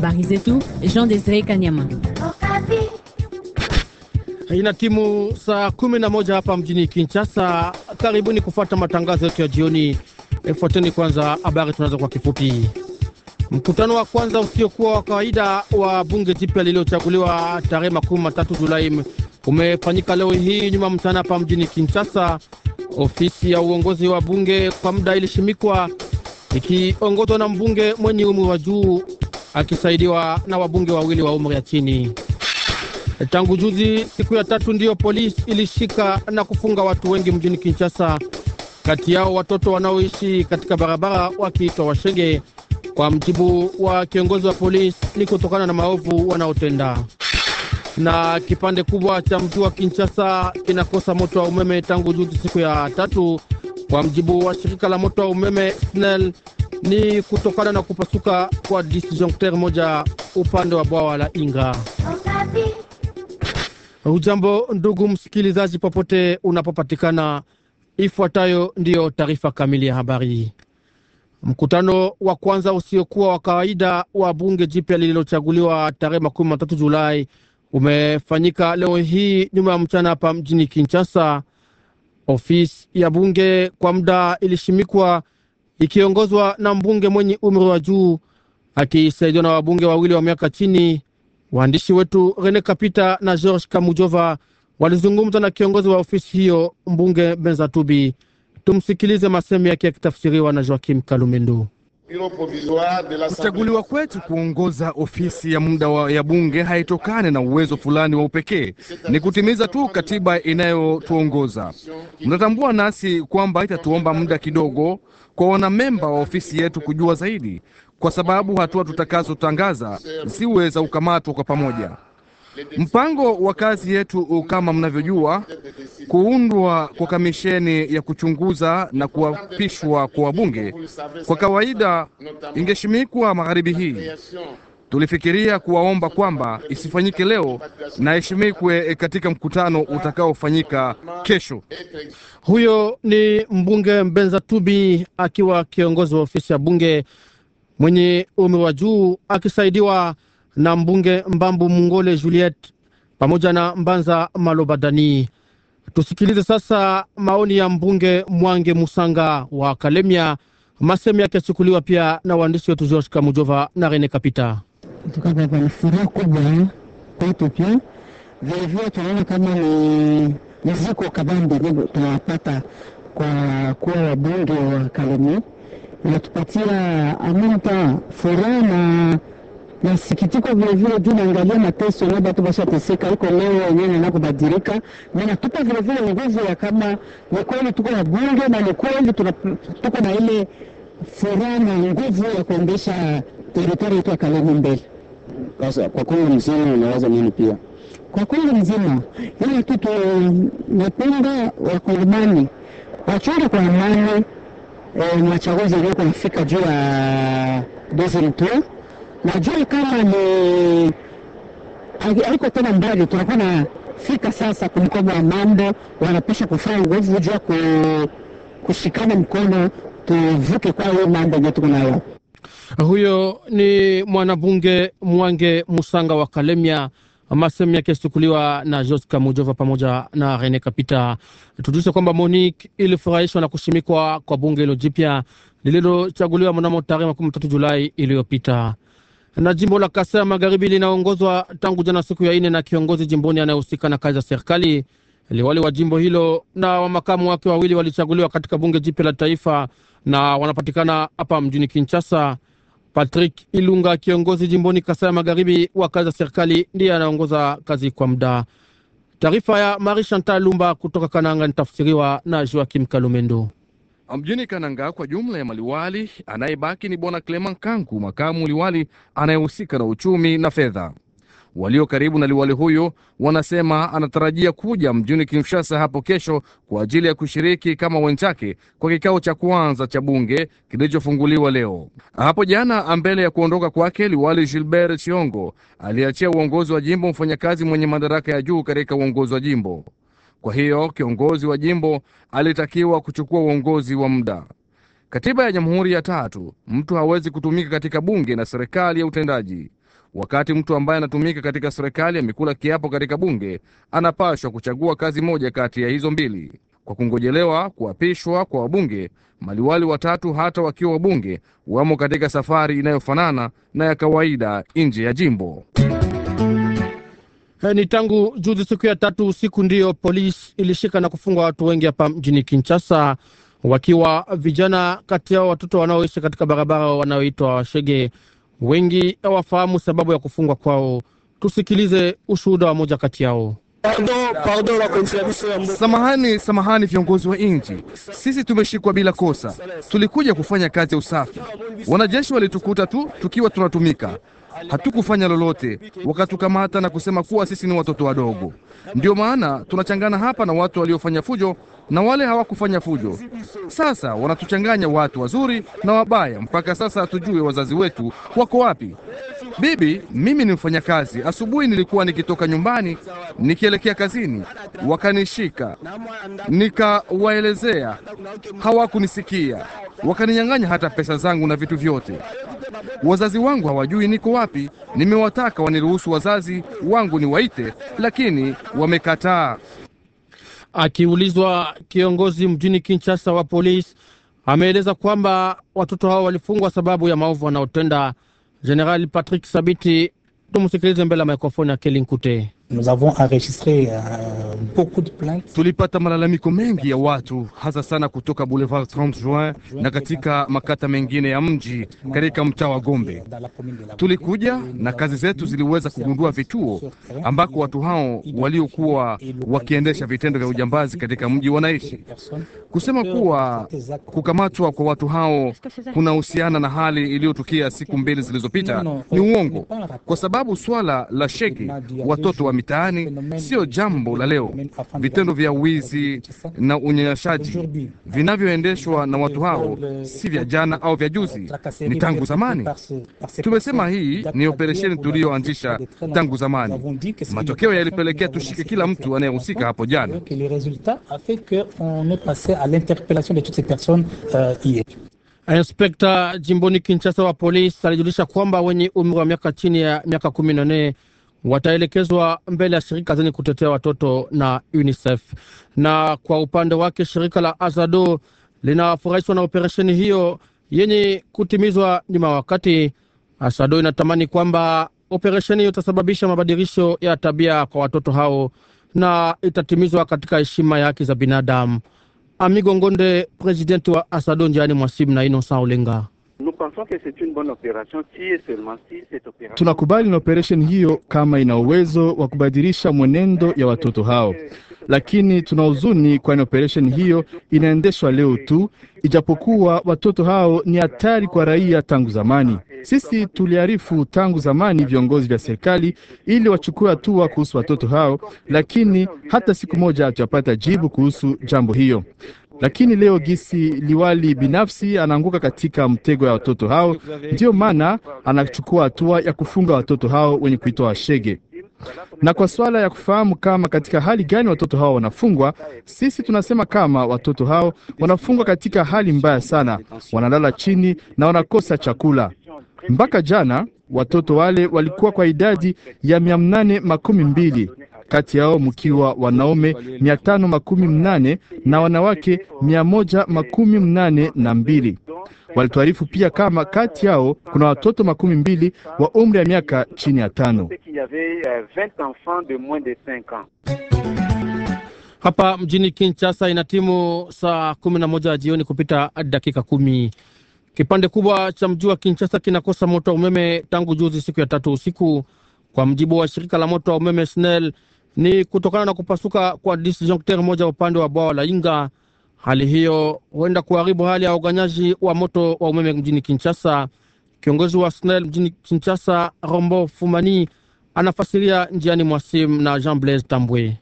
Habari zetu Jean Desire Kanyama. Ina timu saa 11 hapa mjini Kinshasa. Karibuni kufuata matangazo yetu ya jioni. E, fuateni kwanza habari tunazo kwa kifupi. Mkutano wa kwanza usiokuwa wa kawaida wa bunge jipya lililochaguliwa tarehe makumi matatu Julai umefanyika leo hii nyuma mchana hapa mjini Kinshasa. Ofisi ya uongozi wa bunge kwa muda ilishimikwa ikiongozwa na mbunge mwenye umri wa juu akisaidiwa na wabunge wawili wa umri ya chini. Tangu juzi siku ya tatu ndiyo polisi ilishika na kufunga watu wengi mjini Kinshasa, kati yao watoto wanaoishi katika barabara wakiitwa washenge. Kwa mjibu wa kiongozi wa polisi, ni kutokana na maovu wanaotenda. Na kipande kubwa cha mji wa Kinshasa kinakosa moto wa umeme tangu juzi siku ya tatu, kwa mjibu wa shirika la moto wa umeme SNEL ni kutokana na kupasuka kwa disjoncteur moja upande wa bwawa la Inga. ujambo ndugu msikilizaji, popote unapopatikana, ifuatayo ndiyo taarifa kamili ya habari. Mkutano wa kwanza usiokuwa wa kawaida wa bunge jipya lililochaguliwa tarehe makumi matatu Julai umefanyika leo hii nyuma ya mchana hapa mjini Kinshasa. Ofisi ya bunge kwa muda ilishimikwa ikiongozwa na mbunge mwenye umri wa juu akisaidiwa na wabunge wawili wa miaka chini. Waandishi wetu Rene Kapita na George Kamujova walizungumza na kiongozi wa ofisi hiyo mbunge benzatubi Tumsikilize masemi yake yakitafsiriwa na Joakim Kalumendo. Kuchaguliwa kwetu kuongoza ofisi ya muda wa ya bunge haitokani na uwezo fulani wa upekee, ni kutimiza tu katiba inayotuongoza. Mnatambua nasi kwamba itatuomba muda kidogo kwa wanamemba wa ofisi yetu kujua zaidi, kwa sababu hatua tutakazotangaza ziwe za ukamatwa kwa pamoja. Mpango wa kazi yetu kama mnavyojua, kuundwa kwa kamisheni ya kuchunguza na kuapishwa kwa wabunge kwa kawaida ingeshimikwa magharibi hii. Tulifikiria kuwaomba kwamba isifanyike leo na ishimikwe katika mkutano utakaofanyika kesho. Huyo ni mbunge Mbenza Tubi akiwa kiongozi wa ofisi ya bunge mwenye umri wa juu akisaidiwa na mbunge Mbambu Mungole Juliet pamoja na Mbanza Malobadani. Tusikilize sasa maoni ya mbunge Mwange Musanga wa Kalemia. Masemi yake yachukuliwa pia na waandishi wetu George Kamujova na Rene Kapita. furaha kubwa kwetu, pia vilevile tunaona kama ni kabambe kwa kuwa wabunge wa Kalemia, inatupatia furaha na na sikitiko vile vile juu naangalia mateso na watu bashateseka huko leo yenyewe na kubadilika, na natupa vile vile nguvu ya kama ni kweli tuko na bunge na ni kweli tuko na ile furaha na nguvu ya kuendesha teritori yetu ya Kalemi mbele. Sasa kwa Kongo mzima unawaza nini? Pia kwa Kongo mzima ile kitu napenda wakongomani wachunge kwa amani e, eh, machaguzi yaliyoko nafika juu ya 2023 najui kama ni haiko tena mbali, tunakuwa fika sasa kumkomo wa mambo, wanapisha kufanya nguvu jua ku, kushikana mkono tuvuke kwa hiyo mambo yenye tuko nayo. Huyo ni mwanabunge Mwange Musanga wa Kalemia. Masehemu yake yasichukuliwa na Joska Mujova pamoja na Rene Kapita. Tujulishe kwamba Monique ilifurahishwa na kushimikwa kwa bunge hilo jipya lililochaguliwa mnamo tarehe makumi matatu Julai iliyopita na jimbo la Kasai Magharibi linaongozwa tangu jana siku ya ine na kiongozi jimboni anayehusika na kazi za serikali. Liwali wa jimbo hilo na wa makamu wake wawili walichaguliwa katika bunge jipya la taifa na wanapatikana hapa mjini Kinshasa. Patrick Ilunga, kiongozi jimboni Kasai Magharibi wa kazi za serikali, ndiye anaongoza kazi kwa muda. Taarifa ya Marie Chantal Lumba kutoka Kananga nitafsiriwa na Joakim Kalumendo. Mjini Kananga kwa jumla ya maliwali, anayebaki ni bwana Clement kangu makamu liwali anayehusika na uchumi na fedha. Walio karibu na liwali huyo wanasema anatarajia kuja mjini Kinshasa hapo kesho kwa ajili ya kushiriki kama wenzake kwa kikao cha kwanza cha bunge kilichofunguliwa leo. Hapo jana, mbele ya kuondoka kwake, liwali Gilbert Chiongo aliachia uongozi wa jimbo mfanyakazi mwenye madaraka ya juu katika uongozi wa jimbo. Kwa hiyo kiongozi wa jimbo alitakiwa kuchukua uongozi wa muda. Katiba ya Jamhuri ya tatu, mtu hawezi kutumika katika bunge na serikali ya utendaji. Wakati mtu ambaye anatumika katika serikali amekula kiapo katika bunge, anapashwa kuchagua kazi moja kati ya hizo mbili. Kwa kungojelewa kuapishwa kwa wabunge, maliwali watatu, hata wakiwa wabunge, wamo katika safari inayofanana na ya kawaida nje ya jimbo. Eh, ni tangu juzi siku ya tatu usiku ndiyo polisi ilishika na kufunga watu wengi hapa mjini Kinshasa, wakiwa vijana, kati yao watoto wanaoishi katika barabara wanaoitwa Washege. Wengi hawafahamu sababu ya kufungwa kwao. Tusikilize ushuhuda wa moja kati yao. samahani, samahani viongozi wa nchi, sisi tumeshikwa bila kosa, tulikuja kufanya kazi ya usafi. Wanajeshi walitukuta tu tukiwa tunatumika, hatukufanya lolote, wakatukamata na kusema kuwa sisi ni watoto wadogo. ndio maana tunachangana hapa na watu waliofanya fujo na wale hawakufanya fujo. Sasa wanatuchanganya watu wazuri na wabaya, mpaka sasa hatujue wazazi wetu wako wapi. Bibi, mimi ni mfanyakazi. Asubuhi nilikuwa nikitoka nyumbani nikielekea kazini, wakanishika, nikawaelezea, hawakunisikia, wakaninyang'anya hata pesa zangu na vitu vyote. Wazazi wangu hawajui niko wapi. Nimewataka waniruhusu wazazi wangu niwaite, lakini wamekataa. Akiulizwa, kiongozi mjini Kinshasa wa polisi ameeleza kwamba watoto hao walifungwa sababu ya maovu wanaotenda. Jenerali Patrick Sabiti, tumsikilize mbele ya mikrofoni ya Kelinkute. Nous avons enregistré euh, beaucoup de plaintes. Tulipata malalamiko mengi ya watu hasa sana kutoka Boulevard 30 Juin na katika makata mengine ya mji katika mtaa wa Gombe. Tulikuja na kazi zetu ziliweza kugundua vituo ambako watu hao waliokuwa wakiendesha vitendo vya ujambazi katika mji wanaishi. Kusema kuwa kukamatwa kwa watu hao kunahusiana na hali iliyotukia siku mbili zilizopita ni uongo, kwa sababu swala la sheki watoto wa mitaani sio jambo la leo. Vitendo vya wizi na unyanyashaji vinavyoendeshwa na watu hao si vya jana au vya juzi, euh, ni tangu zamani. Tumesema hii ni operesheni tuliyoanzisha tangu zamani. Matokeo yalipelekea tushike kila mtu anayehusika hapo jana. Euh, Inspekta jimboni Kinshasa wa polisi alijulisha kwamba wenye umri wa miaka chini ya miaka kumi na nne wataelekezwa mbele ya shirika zenye kutetea watoto na UNICEF. Na kwa upande wake shirika la Azado linafurahishwa na operesheni hiyo yenye kutimizwa nyuma ya wakati. asado inatamani kwamba operesheni hiyo itasababisha mabadilisho ya tabia kwa watoto hao na itatimizwa katika heshima ya haki za binadamu. Amigo Ngonde, presidenti wa Asado njiani mwasimu na Inosa Olenga pensons que c'est une bonne opération si et seulement si cette opération. Tunakubali na operation hiyo kama ina uwezo wa kubadilisha mwenendo ya watoto hao, lakini tunahuzuni, kwani operation hiyo inaendeshwa leo tu, ijapokuwa watoto hao ni hatari kwa raia tangu zamani. Sisi tuliarifu tangu zamani viongozi vya serikali ili wachukue hatua kuhusu watoto hao, lakini hata siku moja hatujapata jibu kuhusu jambo hiyo lakini leo gisi liwali binafsi anaanguka katika mtego ya watoto hao, ndiyo maana anachukua hatua ya kufunga watoto hao wenye kuitwa shege. Na kwa swala ya kufahamu kama katika hali gani watoto hao wanafungwa, sisi tunasema kama watoto hao wanafungwa katika hali mbaya sana, wanalala chini na wanakosa chakula. Mpaka jana watoto wale walikuwa kwa idadi ya mia nane makumi mbili kati yao mkiwa wanaume mia tano makumi mnane na wanawake mia moja makumi mnane na mbili. Walituarifu pia kama kati yao kuna watoto makumi mbili wa umri ya miaka chini ya tano. Hapa mjini Kinshasa ina timu saa kumi na moja jioni kupita dakika kumi. Kipande kubwa cha mji wa Kinshasa kinakosa moto wa umeme tangu juzi siku ya tatu usiku, kwa mjibu wa shirika la moto wa umeme SNEL ni kutokana na kupasuka kwa disjoncteur moja upande wa bwawa la Inga. Hali hiyo huenda kuharibu hali ya uganyaji wa moto wa umeme mjini Kinshasa. Kiongozi wa SNEL mjini Kinshasa, Rombo Fumani, anafasiria njiani mwa simu na Jean Blaise Tambwe.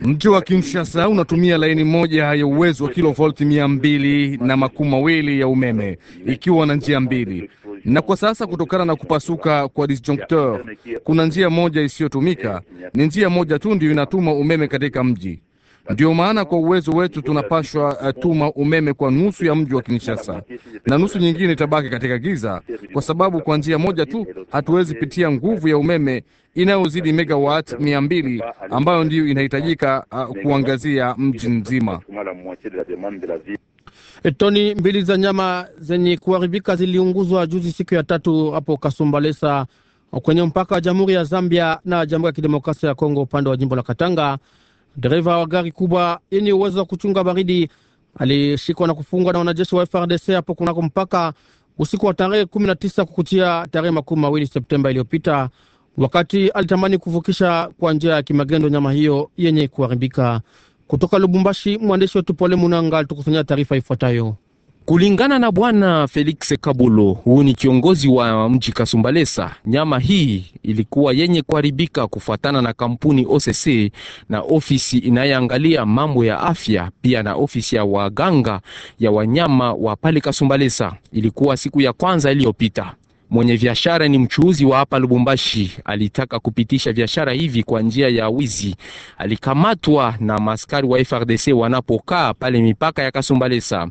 Mji wa Kinshasa unatumia laini moja ya uwezo wa kilovolti mia mbili na makumi mawili ya umeme ikiwa na njia mbili, na kwa sasa kutokana na kupasuka kwa disjoncteur kuna njia moja isiyotumika. Ni njia moja tu ndio inatuma umeme katika mji. Ndiyo maana kwa uwezo wetu tunapashwa uh, tuma umeme kwa nusu ya mji wa Kinshasa na nusu nyingine itabaki katika giza, kwa sababu kwa njia moja tu hatuwezi pitia nguvu ya umeme inayozidi megawatt mia mbili ambayo ndiyo inahitajika uh, kuangazia mji mzima. E, Toni mbili za nyama zenye kuharibika ziliunguzwa juzi siku ya tatu hapo Kasumbalesa kwenye mpaka wa Jamhuri ya Zambia na Jamhuri ya Kidemokrasia ya Kongo upande wa jimbo la Katanga dereva wa gari kubwa yenye uwezo wa kuchunga baridi alishikwa na kufungwa na wanajeshi wa FRDC hapo kunako mpaka usiku wa tarehe 19 kukuchia tarehe makumi mawili Septemba iliyopita, wakati alitamani kuvukisha kwa njia ya kimagendo nyama hiyo yenye kuharibika. Kutoka Lubumbashi, mwandishi wetu Pole Munanga alitukusanyia taarifa ifuatayo. Kulingana na bwana Felix Kabulo, huu ni kiongozi wa mji Kasumbalesa, nyama hii ilikuwa yenye kuharibika kufuatana na kampuni OCC na ofisi inayoangalia mambo ya afya, pia na ofisi ya waganga ya wanyama wa pale Kasumbalesa. Ilikuwa siku ya kwanza iliyopita. Mwenye biashara ni mchuuzi wa hapa Lubumbashi, alitaka kupitisha biashara hivi kwa njia ya wizi. Alikamatwa na maskari wa FRDC wanapokaa pale mipaka ya Kasumbalesa.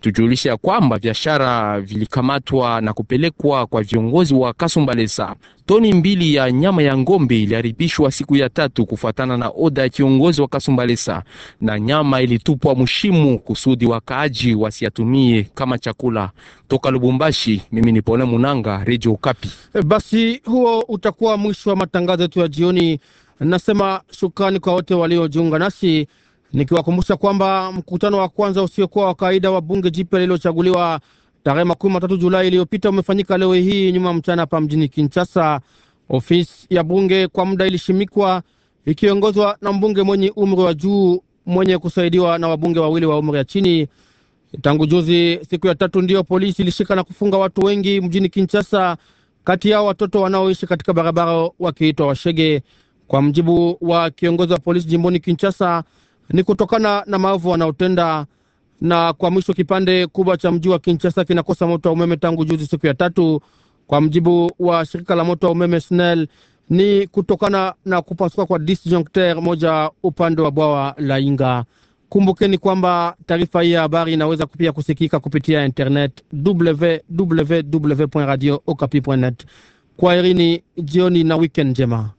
Tujulisha kwamba biashara vilikamatwa na kupelekwa kwa viongozi wa Kasumbalesa. Toni mbili ya nyama ya ng'ombe iliharibishwa siku ya tatu kufuatana na oda ya kiongozi wa Kasumbalesa, na nyama ilitupwa mshimu kusudi wakaaji wasiatumie kama chakula. Toka Lubumbashi, mimi ni Pole Munanga, Radio Okapi. Eh, basi huo utakuwa mwisho wa matangazo yetu ya jioni. Nasema shukrani kwa wote waliojiunga nasi nikiwakumbusha kwamba mkutano wa kwanza usiokuwa wa kawaida wa bunge jipya lililochaguliwa tarehe makumi matatu Julai iliyopita umefanyika leo hii nyuma mchana hapa mjini Kinshasa. Ofisi ya bunge kwa muda ilishimikwa ikiongozwa na mbunge mwenye umri wa juu mwenye kusaidiwa na wabunge wawili wa umri ya chini. Tangu juzi siku ya tatu ndiyo polisi ilishika na kufunga watu wengi mjini Kinshasa, kati yao watoto wanaoishi katika barabara wakiitwa washege. Kwa mjibu wa kiongozi wa polisi jimboni Kinshasa, ni kutokana na maovu wanaotenda. Na kwa mwisho, kipande kubwa cha mji wa Kinshasa kinakosa moto wa umeme tangu juzi siku ya tatu, kwa mjibu wa shirika la moto wa umeme SNEL ni kutokana na kupasuka kwa disjoncteur moja upande wa bwawa la Inga. Kumbukeni kwamba taarifa hii ya habari inaweza pia kusikika kupitia internet www.radio.okapi.net. Kwa Kwaherini, jioni na weekend njema.